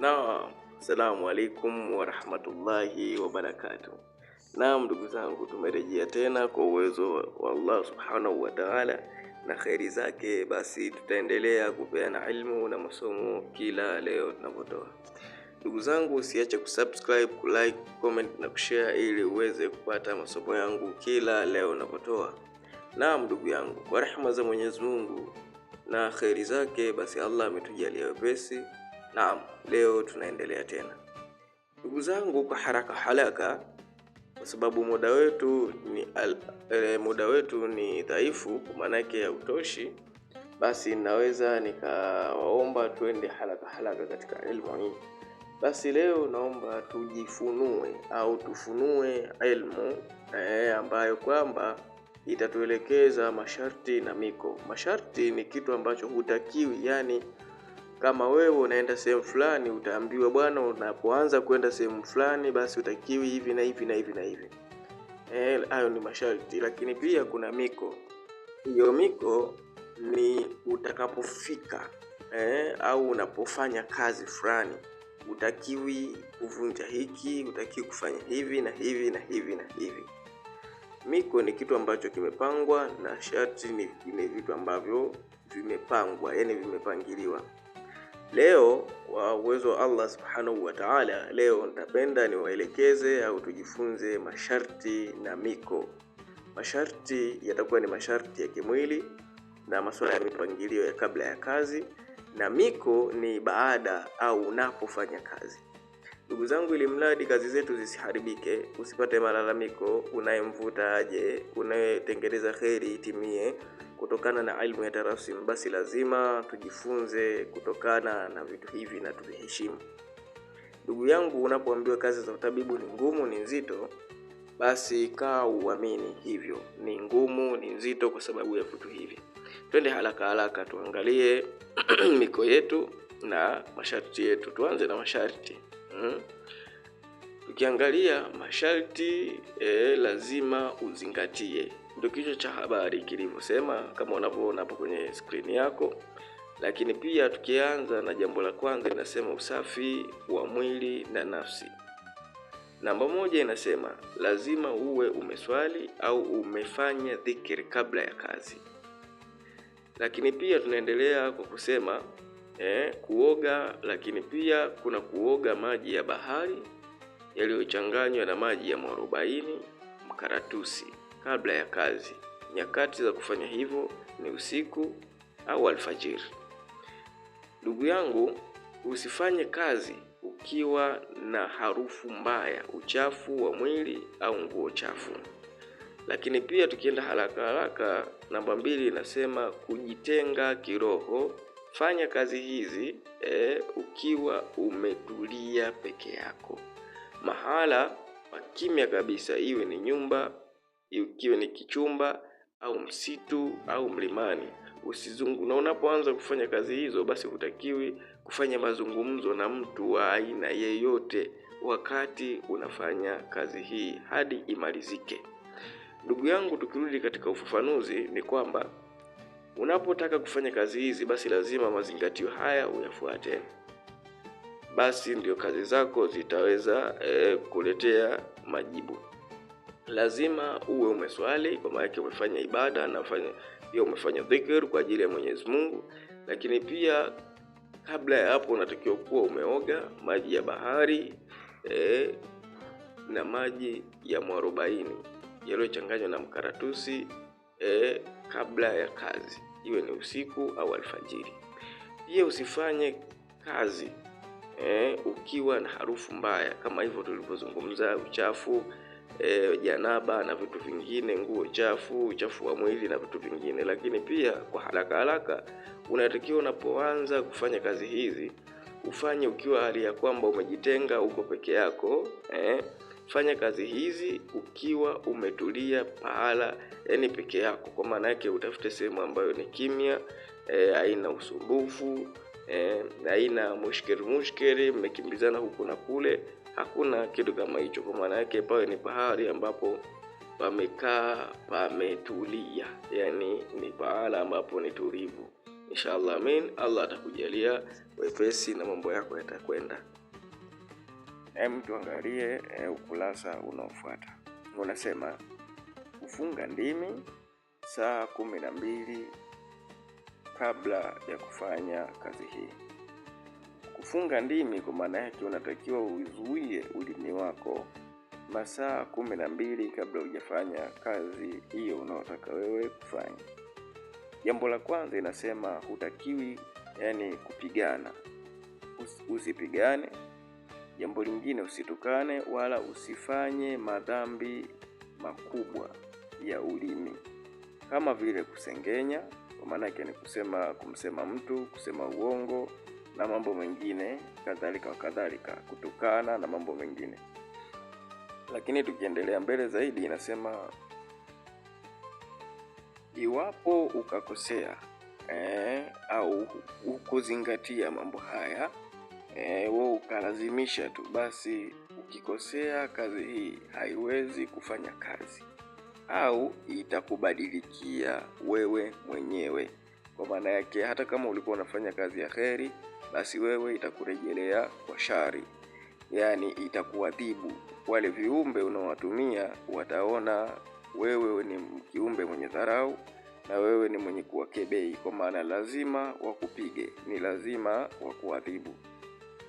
Naam, salamu alaikum warahmatullahi wabarakatuh. Naam, ndugu zangu, tumerejea tena kwa uwezo wa Allah subhanahu wa ta'ala na kheri zake. Basi tutaendelea kupeana ilmu na masomo kila leo tunapotoa. Ndugu zangu, usiache kusubscribe, kulike, comment na kushare ili uweze kupata masomo yangu kila leo napotoa. Naam, ndugu yangu, kwa rehema za Mwenyezi Mungu na kheri zake, basi Allah ametujalia wepesi Naam, leo tunaendelea tena ndugu zangu, kwa haraka haraka, kwa sababu muda wetu ni al, e, muda wetu ni dhaifu, kwa maana yake utoshi, Basi naweza nikawaomba twende haraka haraka katika elimu hii. Basi leo naomba tujifunue au tufunue elimu e, eh, ambayo kwamba itatuelekeza masharti na miko. Masharti ni kitu ambacho hutakiwi yani kama wewe unaenda sehemu fulani, utaambiwa bwana, unapoanza kwenda sehemu fulani, basi utakiwi hivi na hivi na hivi na hivi. Eh, hayo ni masharti. Lakini pia kuna miko. Hiyo miko ni utakapofika eh, au unapofanya kazi fulani, utakiwi kuvunja hiki, utakiwi kufanya hivi na hivi na hivi na hivi. Miko ni kitu ambacho kimepangwa na sharti ni, ni vitu ambavyo vimepangwa, yani vimepangiliwa. Leo kwa uwezo wa Allah subhanahu wa ta'ala, leo nitapenda niwaelekeze au tujifunze masharti na miko. Masharti yatakuwa ni masharti ya kimwili na masuala ya mipangilio ya kabla ya kazi, na miko ni baada au unapofanya kazi. Ndugu zangu, ili mradi kazi zetu zisiharibike, usipate malalamiko, unayemvuta aje, unayetengeneza kheri itimie kutokana na ilmu ya tarasim. Basi lazima tujifunze kutokana na vitu hivi na tuviheshimu. Ndugu yangu, unapoambiwa kazi za utabibu ni ngumu, ni nzito, basi kaa uamini hivyo, ni ngumu, ni nzito kwa sababu ya vitu hivi. Twende haraka haraka tuangalie miko yetu na masharti yetu. Tuanze na masharti hmm? masharti e, lazima uzingatie, ndio kichwa cha habari kilivyosema kama unavyoona hapo kwenye skrini yako. Lakini pia tukianza na jambo la kwanza, inasema usafi wa mwili na nafsi. Namba moja inasema lazima uwe umeswali au umefanya dhikiri kabla ya kazi. Lakini pia tunaendelea kwa kusema eh, kuoga, lakini pia kuna kuoga maji ya bahari yaliyochanganywa na maji ya mwarobaini, mkaratusi kabla ya kazi. Nyakati za kufanya hivyo ni usiku au alfajiri. Ndugu yangu, usifanye kazi ukiwa na harufu mbaya, uchafu wa mwili au nguo chafu. Lakini pia tukienda haraka haraka, namba mbili inasema kujitenga kiroho Fanya kazi hizi e, ukiwa umetulia peke yako, mahala kimya kabisa, iwe ni nyumba, ikiwe ni kichumba au msitu au mlimani usizungu. Na unapoanza kufanya kazi hizo, basi hutakiwi kufanya mazungumzo na mtu wa aina yeyote wakati unafanya kazi hii hadi imalizike. Ndugu yangu, tukirudi katika ufafanuzi ni kwamba Unapotaka kufanya kazi hizi, basi lazima mazingatio haya uyafuate, basi ndio kazi zako zitaweza e, kuletea majibu. Lazima uwe umeswali, kwa maana yake umefanya ibada na pia umefanya dhikr kwa ajili ya Mwenyezi Mungu, lakini pia kabla ya hapo unatakiwa kuwa umeoga maji ya bahari e, na maji ya mwarobaini yaliyochanganywa na mkaratusi e, kabla ya kazi, iwe ni usiku au alfajiri. Pia usifanye kazi eh, ukiwa na harufu mbaya kama hivyo tulivyozungumza uchafu eh, janaba na vitu vingine, nguo chafu, uchafu wa mwili na vitu vingine. Lakini pia kwa haraka haraka, unatakiwa unapoanza kufanya kazi hizi ufanye ukiwa hali ya kwamba umejitenga, uko peke yako eh fanya kazi hizi ukiwa umetulia pahala, yani peke yako. Kwa maana yake utafute sehemu ambayo ni kimya, e, haina usumbufu e, haina mushkeri mmekimbizana huku na kule, hakuna kitu kama hicho. Kwa maana yake pawe ni pahali ambapo pamekaa pametulia, yani ni pahala ambapo ni tulivu. Inshallah, amin. Allah atakujalia wepesi na mambo yako yatakwenda hem tuangalie e, ukurasa unaofuata unasema kufunga ndimi saa kumi na mbili kabla ya kufanya kazi hii. Kufunga ndimi kwa maana yake unatakiwa uzuie ulimi wako masaa kumi na mbili kabla hujafanya kazi hiyo unaotaka wewe kufanya. Jambo la kwanza inasema hutakiwi, yani kupigana, usipigane Jambo lingine, usitukane wala usifanye madhambi makubwa ya ulimi kama vile kusengenya, kwa maana yake ni kusema kumsema mtu, kusema uongo na mambo mengine kadhalika wa kadhalika, kutukana na mambo mengine. Lakini tukiendelea mbele zaidi, inasema iwapo ukakosea eh, au hukuzingatia mambo haya Eh, wewe ukalazimisha tu, basi ukikosea kazi hii haiwezi kufanya kazi au itakubadilikia wewe mwenyewe. Kwa maana yake hata kama ulikuwa unafanya kazi ya kheri, basi wewe itakurejelea kwa shari, yaani itakuadhibu. Wale viumbe unaowatumia wataona wewe ni kiumbe mwenye dharau na wewe ni mwenye kuwakebei, kwa maana lazima wakupige, ni lazima wakuadhibu.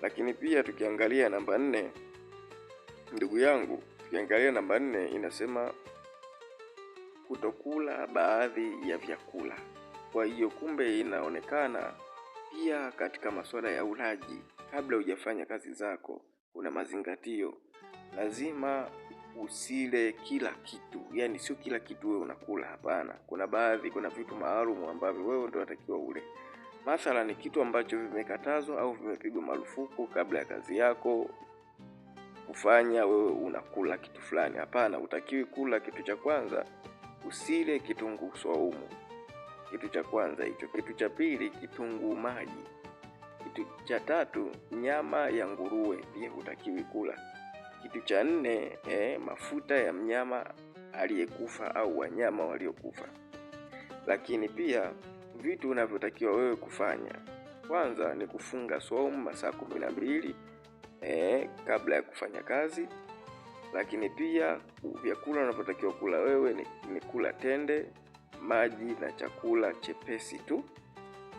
Lakini pia tukiangalia namba nne, ndugu yangu, tukiangalia namba nne inasema kutokula baadhi ya vyakula. Kwa hiyo kumbe inaonekana pia katika masuala ya ulaji, kabla hujafanya kazi zako, kuna mazingatio, lazima usile kila kitu. Yani sio kila kitu wewe unakula, hapana. Kuna baadhi, kuna vitu maalumu ambavyo wewe ndio unatakiwa ule. Mathala ni kitu ambacho vimekatazwa au vimepigwa marufuku kabla ya kazi yako kufanya, wewe unakula kitu fulani. Hapana, utakiwi kula kitu cha kwanza, usile kitunguu swaumu. Kitu cha kwanza hicho. Kitu cha pili, kitunguu maji. Kitu cha tatu, nyama ya nguruwe pia hutakiwi kula. Kitu cha nne, eh, mafuta ya mnyama aliyekufa au wanyama waliokufa, lakini pia vitu unavyotakiwa wewe kufanya. Kwanza ni kufunga somu masaa kumi na mbili eh, kabla ya kufanya kazi. Lakini pia vyakula unavyotakiwa kula wewe ni, ni kula tende, maji na chakula chepesi tu,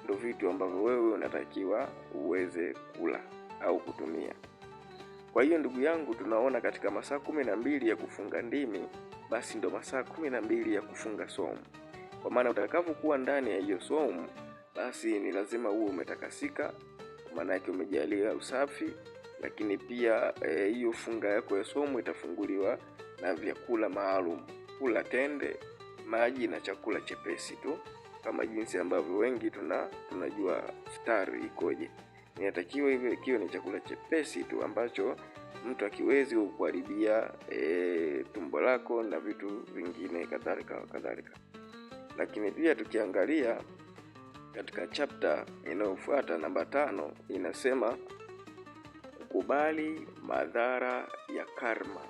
ndo vitu ambavyo wewe unatakiwa uweze kula au kutumia. Kwa hiyo ndugu yangu, tunaona katika masaa kumi na mbili ya kufunga ndimi, basi ndo masaa kumi na mbili ya kufunga somu kwa maana utakapokuwa ndani ya hiyo somu basi ni lazima uwe umetakasika, maana yake umejalia usafi, lakini pia eh, hiyo e, funga yako ya somu itafunguliwa na vyakula maalum, kula tende, maji na chakula chepesi tu, kama jinsi ambavyo wengi tuna tunajua futari ikoje. Inatakiwa hivyo ikiwa ni chakula chepesi tu ambacho mtu akiwezi kukuharibia e, tumbo lako na vitu vingine kadhalika kadhalika. Lakini pia tukiangalia katika chapter inayofuata namba tano inasema kukubali madhara ya karma.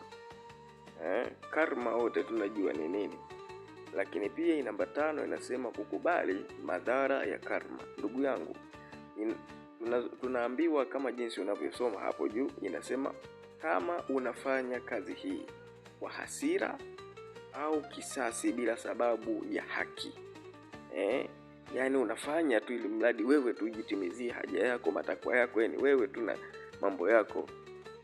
Eh, karma wote tunajua ni nini, lakini pia namba tano inasema kukubali madhara ya karma. Ndugu yangu in, tuna, tunaambiwa kama jinsi unavyosoma hapo juu, inasema kama unafanya kazi hii kwa hasira au kisasi bila sababu ya haki eh? Yaani unafanya tu ili mradi wewe tu ujitimizie haja yako, matakwa yako, yani wewe tu na mambo yako,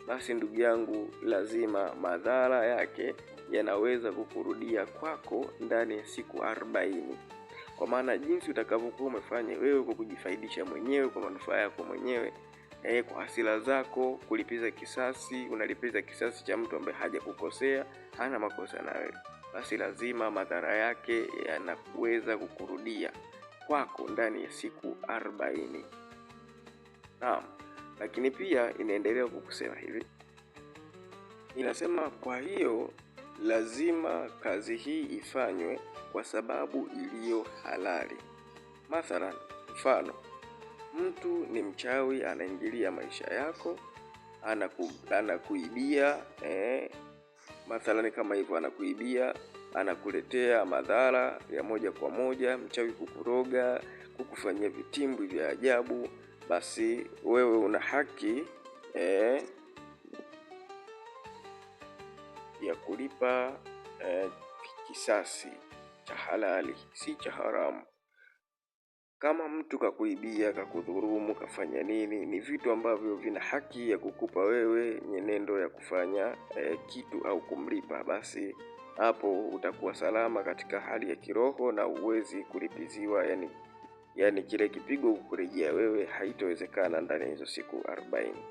basi ndugu yangu, lazima madhara yake yanaweza kukurudia kwako ndani ya siku arobaini kwa maana jinsi utakavyokuwa umefanya wewe kwa kujifaidisha mwenyewe kwa manufaa yako mwenyewe eh, kwa hasira zako, kulipiza kisasi, unalipiza kisasi cha mtu ambaye hajakukosea, hana makosa na wewe basi lazima madhara yake yanakuweza kukurudia kwako ndani ya siku arobaini. Naam, lakini pia inaendelea kukusema hivi, inasema kwa hiyo lazima kazi hii ifanywe kwa sababu iliyo halali. Mathalan, mfano mtu ni mchawi, anaingilia maisha yako, anaku, anakuibia eh, Mathalani kama hivyo, anakuibia, anakuletea madhara ya moja kwa moja, mchawi kukuroga, kukufanyia vitimbwi vya ajabu, basi wewe una haki eh, ya kulipa eh, kisasi cha halali, si cha haramu. Kama mtu kakuibia, kakudhurumu, kafanya nini, ni vitu ambavyo vina haki ya kukupa wewe nyenendo ya kufanya eh, kitu au kumlipa, basi hapo utakuwa salama katika hali ya kiroho na uwezi kulipiziwa, yani yani kile kipigo kukurejea wewe haitowezekana ndani ya hizo siku arobaini.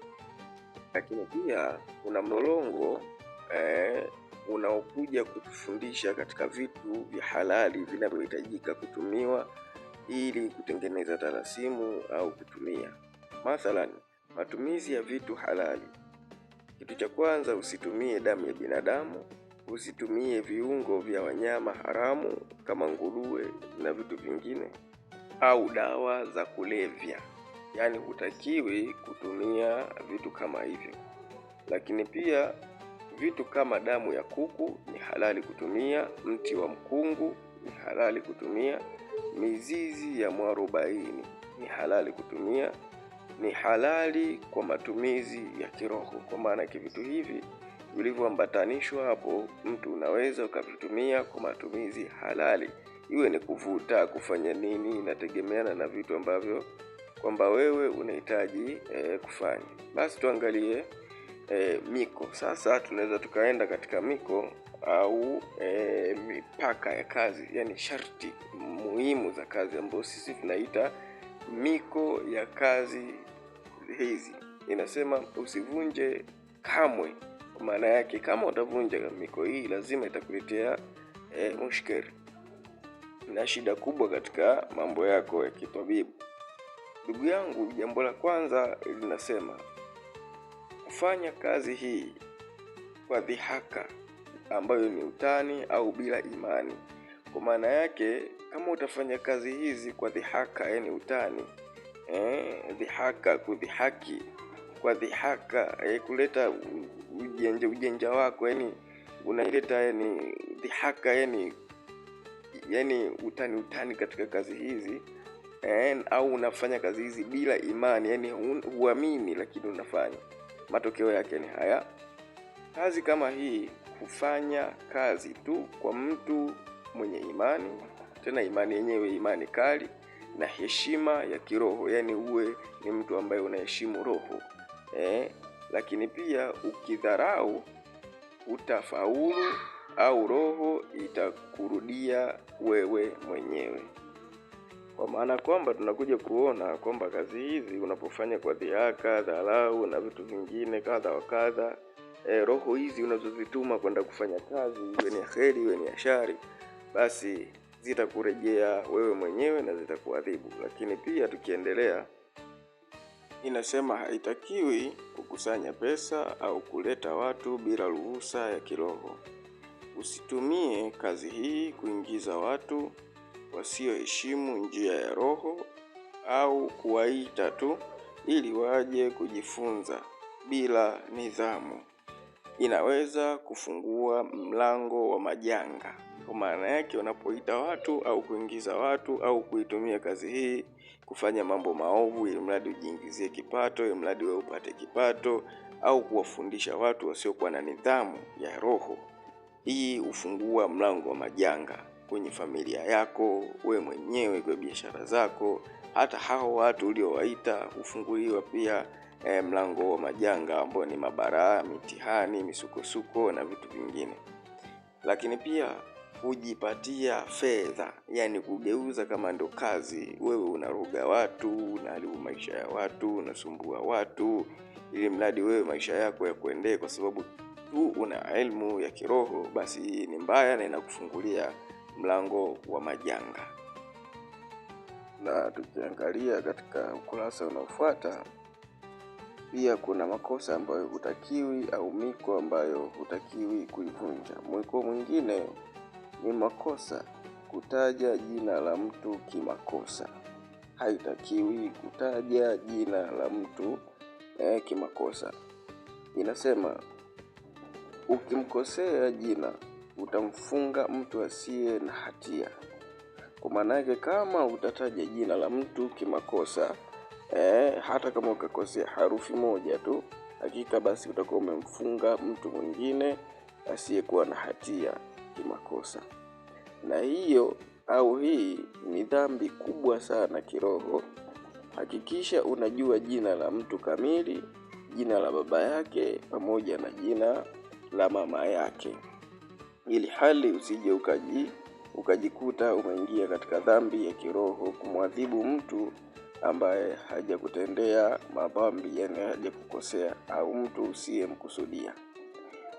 Lakini pia kuna mlolongo eh, unaokuja kutufundisha katika vitu vya halali vinavyohitajika kutumiwa ili kutengeneza talasimu au kutumia. Mathalan, matumizi ya vitu halali. Kitu cha kwanza, usitumie damu ya binadamu, usitumie viungo vya wanyama haramu kama nguruwe na vitu vingine, au dawa za kulevya. Yaani hutakiwi kutumia vitu kama hivyo. Lakini pia vitu kama damu ya kuku ni halali kutumia, mti wa mkungu ni halali kutumia mizizi ya mwarobaini ni halali kutumia, ni halali kwa matumizi ya kiroho, kwa maana kivitu hivi vilivyoambatanishwa hapo, mtu unaweza ukavitumia kwa matumizi halali, iwe ni kuvuta, kufanya nini, inategemeana na vitu ambavyo kwamba wewe unahitaji e, kufanya. Basi tuangalie e, miko sasa. Tunaweza tukaenda katika miko au e, mipaka ya kazi, yani sharti muhimu za kazi ambayo sisi tunaita miko ya kazi hizi. Inasema usivunje kamwe. Kwa maana yake, kama utavunja miko hii, lazima itakuletea e, mushkeli na shida kubwa katika mambo yako ya kitabibu. Ndugu yangu, jambo la kwanza linasema kufanya kazi hii kwa dhihaka ambayo ni utani au bila imani. Kwa maana yake, kama utafanya kazi hizi kwa dhihaka, yani utani eh, dhihaka, kudhihaki kwa dhihaka eh, kuleta ujenja, ujenja wako yani unaileta yani dhihaka yani yani utani utani katika kazi hizi eh, au unafanya kazi hizi bila imani, yani huamini, lakini unafanya, matokeo yake ni haya. Kazi kama hii hufanya kazi tu kwa mtu mwenye imani, tena imani yenyewe imani kali na heshima ya kiroho, yaani uwe ni mtu ambaye unaheshimu roho eh. Lakini pia ukidharau utafaulu au roho itakurudia wewe mwenyewe, kwa maana kwamba tunakuja kuona kwamba kazi hizi unapofanya kwa dhihaka, dharau na vitu vingine kadha wa kadha eh, roho hizi unazozituma kwenda kufanya kazi, iwe ni heri kheri, iwe ni ashari basi zitakurejea wewe mwenyewe na zitakuadhibu. Lakini pia tukiendelea, inasema haitakiwi kukusanya pesa au kuleta watu bila ruhusa ya kiroho. Usitumie kazi hii kuingiza watu wasioheshimu njia ya roho au kuwaita tu ili waje kujifunza bila nidhamu inaweza kufungua mlango wa majanga. Kwa maana yake, unapoita watu au kuingiza watu au kuitumia kazi hii kufanya mambo maovu, ili mradi ujiingizie kipato, ili mradi wewe upate kipato, au kuwafundisha watu wasiokuwa na nidhamu ya roho, hii hufungua mlango wa majanga kwenye familia yako, wewe mwenyewe, kwa biashara zako. Hata hao watu uliowaita hufunguliwa pia e, mlango wa majanga ambayo ni mabaraa, mitihani, misukosuko na vitu vingine. Lakini pia kujipatia fedha, yani kugeuza kama ndo kazi, wewe unaruga watu, unaharibu maisha ya watu, unasumbua watu, ili mradi wewe maisha yako yakuendee, kwa sababu tu una elimu ya kiroho, basi hii ni mbaya na inakufungulia mlango wa majanga. Na tukiangalia katika ukurasa unaofuata pia kuna makosa ambayo hutakiwi au miko ambayo hutakiwi kuivunja. Mwiko mwingine ni makosa, kutaja jina la mtu kimakosa. Haitakiwi kutaja jina la mtu eh, kimakosa. Inasema ukimkosea jina utamfunga mtu asiye na hatia. Kwa maana yake, kama utataja jina la mtu kimakosa eh, hata kama ukakosea harufi moja tu, hakika basi utakuwa umemfunga mtu mwingine asiyekuwa na hatia kimakosa, na hiyo au hii ni dhambi kubwa sana kiroho. Hakikisha unajua jina la mtu kamili, jina la baba yake pamoja na jina la mama yake, ili hali usije ukaji ukajikuta umeingia katika dhambi ya kiroho kumwadhibu mtu ambaye hajakutendea madhambi, yani hajakukosea au mtu usiyemkusudia.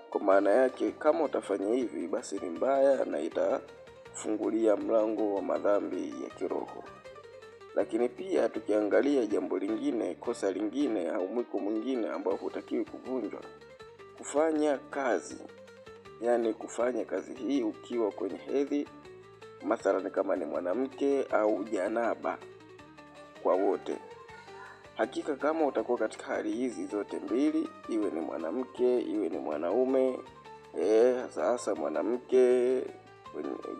Kwa maana yake, kama utafanya hivi, basi ni mbaya na itafungulia mlango wa madhambi ya kiroho. Lakini pia tukiangalia jambo lingine, kosa lingine au mwiko mwingine ambao hutakiwi kuvunjwa, kufanya kazi, yani kufanya kazi hii ukiwa kwenye hedhi, mathalani kama ni mwanamke au janaba kwa wote. Hakika kama utakuwa katika hali hizi zote mbili, iwe ni mwanamke iwe ni mwanaume eh, sasa mwanamke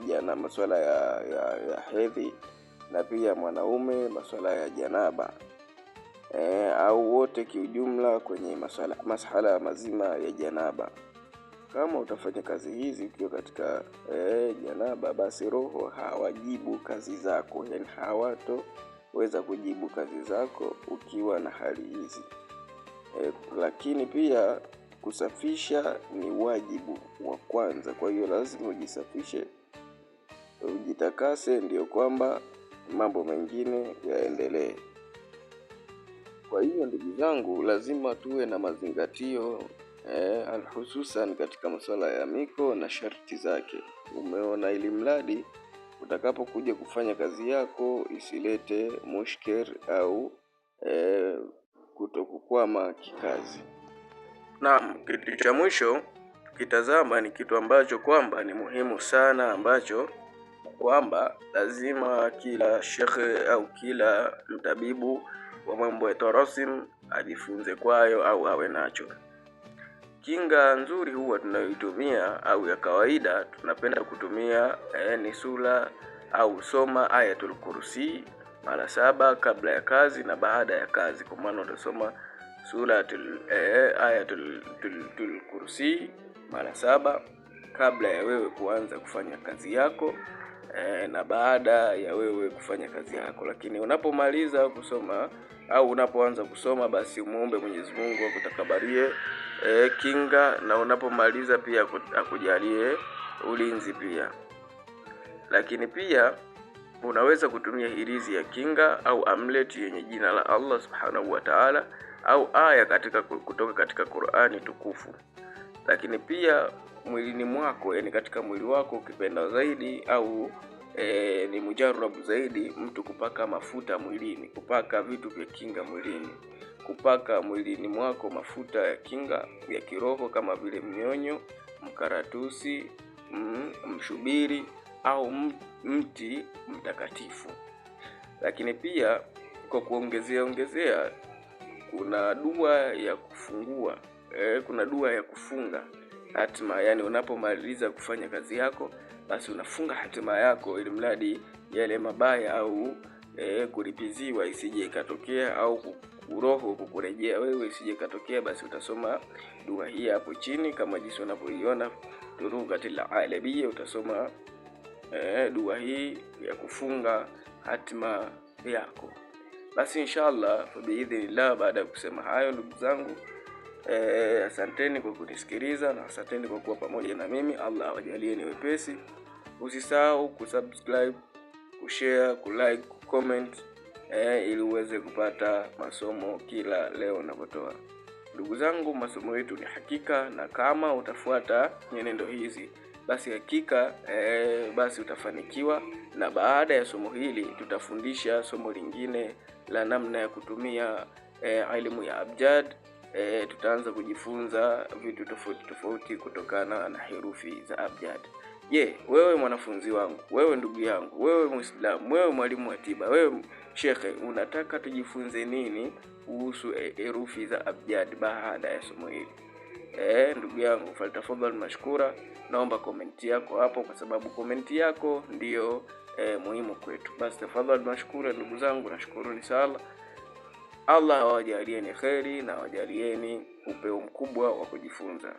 jana masuala ya, ya, ya hedhi na pia mwanaume masuala ya janaba e, au wote kiujumla kwenye masuala masuala mazima ya janaba. Kama utafanya kazi hizi ukiwa katika e, janaba, basi roho hawajibu kazi zako, yani hawato weza kujibu kazi zako ukiwa na hali hizi e, lakini pia kusafisha ni wajibu wa kwanza. Kwa hiyo lazima ujisafishe, ujitakase, ndiyo kwamba mambo mengine yaendelee. Kwa hiyo ndugu zangu, lazima tuwe na mazingatio eh, hususan katika masuala ya miko na sharti zake. Umeona, ili mradi utakapokuja kufanya kazi yako isilete mushker au e, kutokukwama kikazi. Na kitu cha mwisho kitazama ni kitu ambacho kwamba ni muhimu sana, ambacho kwamba lazima kila shekhe au kila mtabibu wa mambo ya tarasim ajifunze kwayo au awe nacho. Kinga nzuri huwa tunayoitumia au ya kawaida tunapenda kutumia eh, ni sura au soma Ayatul Kursi mara saba kabla ya kazi na baada ya kazi, kwa maana utasoma sura tul, eh, Ayatul tul, tul Kursi mara saba kabla ya wewe kuanza kufanya kazi yako eh, na baada ya wewe kufanya kazi yako, lakini unapomaliza kusoma au unapoanza kusoma basi umuombe Mwenyezi Mungu akutakabarie e, eh, kinga na unapomaliza pia akujalie ulinzi pia. Lakini pia unaweza kutumia hirizi ya kinga au amlet yenye jina la Allah Subhanahu wa Ta'ala au aya katika kutoka katika Qur'ani tukufu. Lakini pia mwilini mwako, yani katika mwili wako ukipenda zaidi au e, ni mujarabu zaidi mtu kupaka mafuta mwilini, kupaka vitu vya kinga mwilini, kupaka mwilini mwako mafuta ya kinga ya kiroho kama vile mnyonyo, mkaratusi, mm, mshubiri au mti mtakatifu. Lakini pia kwa kuongezea ongezea, kuna dua ya kufungua e, kuna dua ya kufunga hatma, yani unapomaliza kufanya kazi yako basi unafunga hatima yako, ili mradi yale mabaya au e, kuripiziwa isije ikatokea au roho kukurejea wewe isije ikatokea, basi utasoma dua hii hapo chini kama jinsi unavyoiona turukatil alabia. Utasoma e, dua hii ya kufunga hatima yako. Basi inshallah, fabiidhnillah. Baada ya kusema hayo, ndugu zangu Eh, asanteni kwa kunisikiliza na asanteni kwa kuwa pamoja na mimi. Allah awajalie ni wepesi. Usisahau kusubscribe, kushare, kulike, kucomment eh, ili uweze kupata masomo kila leo ninapotoa. Ndugu zangu, masomo yetu ni hakika, na kama utafuata nyenendo hizi basi hakika eh, basi utafanikiwa. Na baada ya somo hili tutafundisha somo lingine la namna ya kutumia elimu eh, ya abjad e, tutaanza kujifunza vitu tofauti tofauti kutokana na herufi za abjad. Je, wewe mwanafunzi wangu, wewe ndugu yangu, wewe Muislamu, wewe mwalimu wa tiba, wewe shekhe, unataka tujifunze nini kuhusu e, herufi za abjad baada ya somo hili? E, ndugu yangu faltafadhal mashkura, naomba komenti yako hapo, kwa sababu komenti yako ndiyo e, muhimu kwetu. Basi tafadhali mashkura, ndugu zangu, nashukuruni sana. Allah awajalieni kheri na awajalieni upeo mkubwa wa kujifunza.